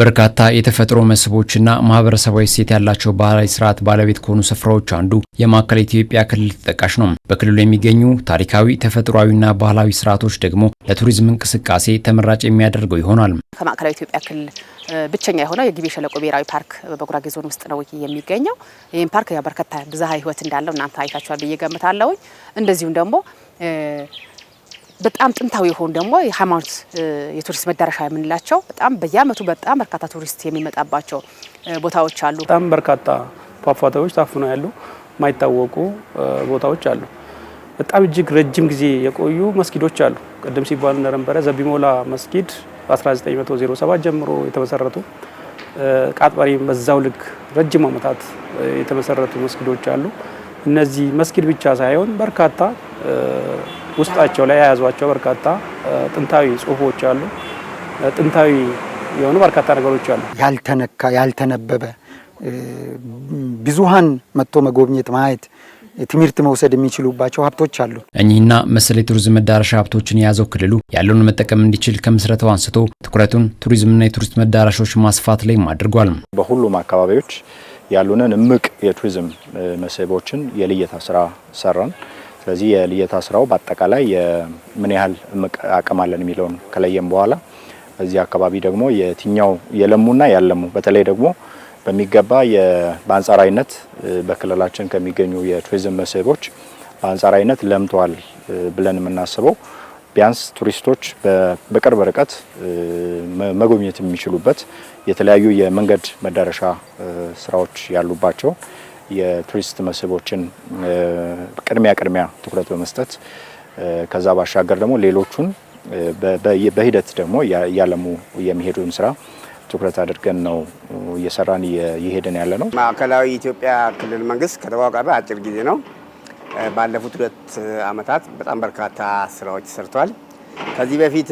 በርካታ የተፈጥሮ መስህቦችና ማህበረሰባዊ እሴት ያላቸው ባህላዊ ስርዓት ባለቤት ከሆኑ ስፍራዎች አንዱ የማዕከላዊ ኢትዮጵያ ክልል ተጠቃሽ ነው። በክልሉ የሚገኙ ታሪካዊ ተፈጥሯዊና ባህላዊ ስርዓቶች ደግሞ ለቱሪዝም እንቅስቃሴ ተመራጭ የሚያደርገው ይሆናል። ከማዕከላዊ ኢትዮጵያ ክልል ብቸኛ የሆነው የግቤ ሸለቆ ብሔራዊ ፓርክ በጉራጌ ዞን ውስጥ ነው የሚገኘው። ይህም ፓርክ በርካታ ብዝሃ ህይወት እንዳለው እናንተ አይታችኋል ብዬ ገምታለሁኝ። እንደዚሁም ደግሞ በጣም ጥንታዊ የሆኑ ደግሞ የሃይማኖት የቱሪስት መዳረሻ የምንላቸው በጣም በየአመቱ በጣም በርካታ ቱሪስት የሚመጣባቸው ቦታዎች አሉ። በጣም በርካታ ፏፏቴዎች ታፍነው ያሉ የማይታወቁ ቦታዎች አሉ። በጣም እጅግ ረጅም ጊዜ የቆዩ መስጊዶች አሉ። ቅድም ሲባል እንደነበረ ዘቢሞላ መስጊድ 1907 ጀምሮ የተመሰረቱ ቃጥበሪ በዛው ልክ ረጅም ዓመታት የተመሰረቱ መስጊዶች አሉ። እነዚህ መስጊድ ብቻ ሳይሆን በርካታ ውስጣቸው ላይ የያዟቸው በርካታ ጥንታዊ ጽሁፎች አሉ። ጥንታዊ የሆኑ በርካታ ነገሮች አሉ። ያልተነካ ያልተነበበ ብዙሃን መጥቶ መጎብኘት ማየት ትምህርት መውሰድ የሚችሉባቸው ሀብቶች አሉ። እኚህና መሰል የቱሪዝም መዳረሻ ሀብቶችን የያዘው ክልሉ ያለውን መጠቀም እንዲችል ከምስረተው አንስቶ ትኩረቱን ቱሪዝምና የቱሪስት መዳረሻዎች ማስፋት ላይም አድርጓል። በሁሉም አካባቢዎች ያሉንን እምቅ የቱሪዝም መስህቦችን የልየታ ስራ ሰራን። ስለዚህ የልየታ ስራው በአጠቃላይ ምን ያህል እምቅ አቅም አለን የሚለውን ከለየም በኋላ በዚህ አካባቢ ደግሞ የትኛው የለሙና ያለሙ በተለይ ደግሞ በሚገባ በአንጻራዊነት በክልላችን ከሚገኙ የቱሪዝም መስህቦች በአንጻራዊነት ለምተዋል ብለን የምናስበው ቢያንስ ቱሪስቶች በቅርብ ርቀት መጎብኘት የሚችሉበት የተለያዩ የመንገድ መዳረሻ ስራዎች ያሉባቸው የቱሪስት መስህቦችን ቅድሚያ ቅድሚያ ትኩረት በመስጠት ከዛ ባሻገር ደግሞ ሌሎቹን በሂደት ደግሞ እያለሙ የሚሄዱን ስራ ትኩረት አድርገን ነው እየሰራን እየሄድን ያለ ነው። ማዕከላዊ የኢትዮጵያ ክልል መንግስት ከተቋቋመ አጭር ጊዜ ነው። ባለፉት ሁለት ዓመታት በጣም በርካታ ስራዎች ሰርቷል። ከዚህ በፊት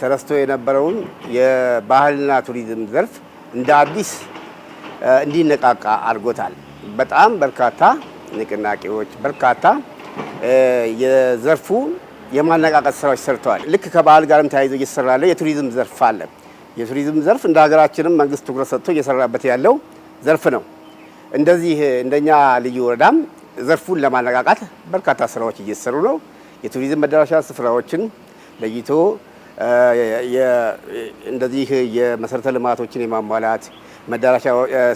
ተረስቶ የነበረውን የባህልና ቱሪዝም ዘርፍ እንደ አዲስ እንዲነቃቃ አድርጎታል። በጣም በርካታ ንቅናቄዎች በርካታ የዘርፉ የማነቃቀጥ ስራዎች ሰርተዋል። ልክ ከባህል ጋርም ተያይዞ እየተሰራ ያለው የቱሪዝም ዘርፍ አለ። የቱሪዝም ዘርፍ እንደ ሀገራችንም መንግስት ትኩረት ሰጥቶ እየሰራበት ያለው ዘርፍ ነው። እንደዚህ እንደኛ ልዩ ወረዳም ዘርፉን ለማነቃቃት በርካታ ስራዎች እየተሰሩ ነው። የቱሪዝም መዳረሻ ስፍራዎችን ለይቶ እንደዚህ የመሰረተ ልማቶችን የማሟላት መዳረሻ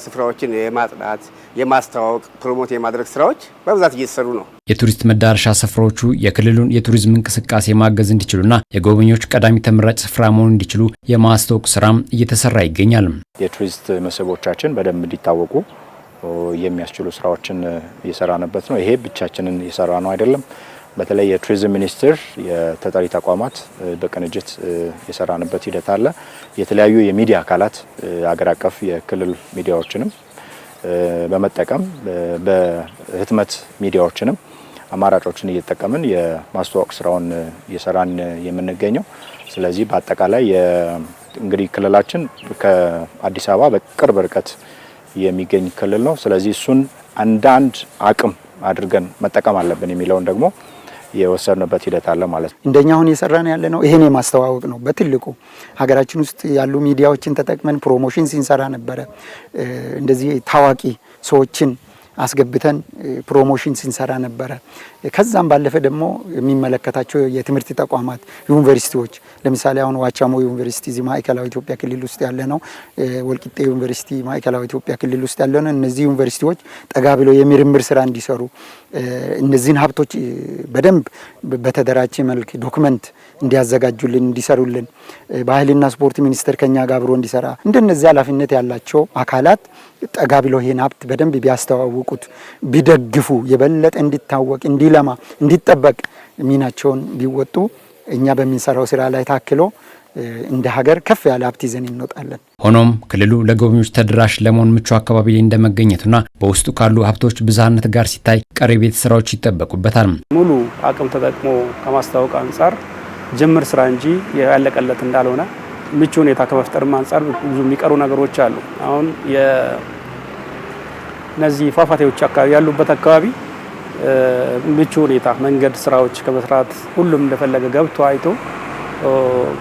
ስፍራዎችን የማጽዳት የማስተዋወቅ ፕሮሞት የማድረግ ስራዎች በብዛት እየተሰሩ ነው። የቱሪስት መዳረሻ ስፍራዎቹ የክልሉን የቱሪዝም እንቅስቃሴ ማገዝ እንዲችሉና የጎብኚዎች ቀዳሚ ተመራጭ ስፍራ መሆን እንዲችሉ የማስተዋወቅ ስራም እየተሰራ ይገኛል። የቱሪስት መስህቦቻችን በደንብ እንዲታወቁ የሚያስችሉ ስራዎችን እየሰራንበት ነው። ይሄ ብቻችንን እየሰራ ነው አይደለም። በተለይ የቱሪዝም ሚኒስቴር የተጠሪ ተቋማት በቅንጅት የሰራንበት ሂደት አለ። የተለያዩ የሚዲያ አካላት አገር አቀፍ የክልል ሚዲያዎችንም በመጠቀም በህትመት ሚዲያዎችንም አማራጮችን እየተጠቀምን የማስተዋወቅ ስራውን እየሰራን የምንገኘው። ስለዚህ በአጠቃላይ እንግዲህ ክልላችን ከአዲስ አበባ በቅርብ ርቀት የሚገኝ ክልል ነው። ስለዚህ እሱን አንዳንድ አቅም አድርገን መጠቀም አለብን የሚለውን ደግሞ የወሰንበት ሂደት አለ ማለት ነው። እንደኛ አሁን እየሰራን ያለ ነው ይሄን የማስተዋወቅ ነው በትልቁ ሀገራችን ውስጥ ያሉ ሚዲያዎችን ተጠቅመን ፕሮሞሽን ሲንሰራ ነበረ። እንደዚህ ታዋቂ ሰዎችን አስገብተን ፕሮሞሽን ስንሰራ ነበረ። ከዛም ባለፈ ደግሞ የሚመለከታቸው የትምህርት ተቋማት ዩኒቨርሲቲዎች፣ ለምሳሌ አሁን ዋቻሞ ዩኒቨርሲቲ እዚህ ማዕከላዊ ኢትዮጵያ ክልል ውስጥ ያለ ነው። ወልቂጤ ዩኒቨርሲቲ ማዕከላዊ ኢትዮጵያ ክልል ውስጥ ያለ ነው። እነዚህ ዩኒቨርሲቲዎች ጠጋ ብለው የምርምር ስራ እንዲሰሩ እነዚህን ሀብቶች በደንብ በተደራጀ መልክ ዶክመንት እንዲያዘጋጁልን እንዲሰሩልን፣ ባህልና ስፖርት ሚኒስቴር ከኛ ጋር አብሮ እንዲሰራ እንደነዚህ ኃላፊነት ያላቸው አካላት ጠጋ ብሎ ይህን ሀብት በደንብ ቢያስተዋውቁት፣ ቢደግፉ፣ የበለጠ እንዲታወቅ፣ እንዲለማ፣ እንዲጠበቅ ሚናቸውን ቢወጡ እኛ በምንሰራው ስራ ላይ ታክሎ እንደ ሀገር ከፍ ያለ ሀብት ይዘን እንወጣለን። ሆኖም ክልሉ ለጎብኚዎች ተደራሽ ለመሆን ምቹ አካባቢ ላይ እንደመገኘቱና በውስጡ ካሉ ሀብቶች ብዝሃነት ጋር ሲታይ ቀሪ ቤት ስራዎች ይጠበቁበታል። ሙሉ አቅም ተጠቅሞ ከማስታወቅ አንጻር ጅምር ስራ እንጂ ያለቀለት እንዳልሆነ ምቹ ሁኔታ ከመፍጠርም አንጻር ብዙ የሚቀሩ ነገሮች አሉ። አሁን እነዚህ ፏፏቴዎች አካባቢ ያሉበት አካባቢ ምቹ ሁኔታ መንገድ ስራዎች ከመስራት ሁሉም እንደፈለገ ገብቶ አይቶ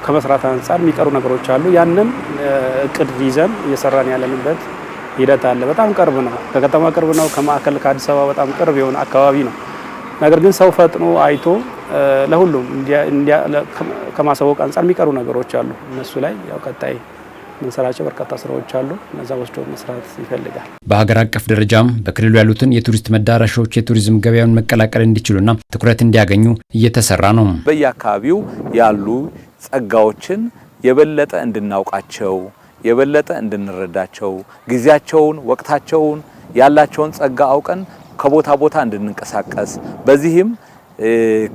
ከመስራት አንጻር የሚቀሩ ነገሮች አሉ። ያንን እቅድ ይዘን እየሰራን ያለንበት ሂደት አለ። በጣም ቅርብ ነው፣ ከከተማ ቅርብ ነው፣ ከማዕከል ከአዲስ አበባ በጣም ቅርብ የሆነ አካባቢ ነው። ነገር ግን ሰው ፈጥኖ አይቶ ለሁሉም ከማሳወቅ አንጻር የሚቀሩ ነገሮች አሉ። እነሱ ላይ ያው ቀጣይ የምንሰራቸው በርካታ ስራዎች አሉ። እነዛ ወስዶ መስራት ይፈልጋል። በሀገር አቀፍ ደረጃም በክልሉ ያሉትን የቱሪስት መዳረሻዎች የቱሪዝም ገበያውን መቀላቀል እንዲችሉና ትኩረት እንዲያገኙ እየተሰራ ነው። በየአካባቢው ያሉ ጸጋዎችን የበለጠ እንድናውቃቸው፣ የበለጠ እንድንረዳቸው፣ ጊዜያቸውን፣ ወቅታቸውን፣ ያላቸውን ጸጋ አውቀን ከቦታ ቦታ እንድንንቀሳቀስ በዚህም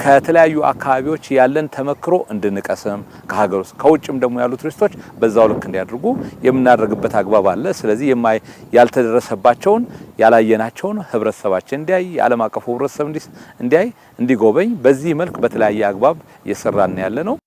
ከተለያዩ አካባቢዎች ያለን ተመክሮ እንድንቀስም ከሀገር ውስጥ ከውጭም ደግሞ ያሉ ቱሪስቶች በዛው ልክ እንዲያደርጉ የምናደርግበት አግባብ አለ። ስለዚህ የማይ ያልተደረሰባቸውን ያላየናቸውን ህብረተሰባችን እንዲያይ የዓለም አቀፉ ህብረተሰብ እንዲያይ እንዲጎበኝ በዚህ መልክ በተለያየ አግባብ እየሰራን ያለ ነው።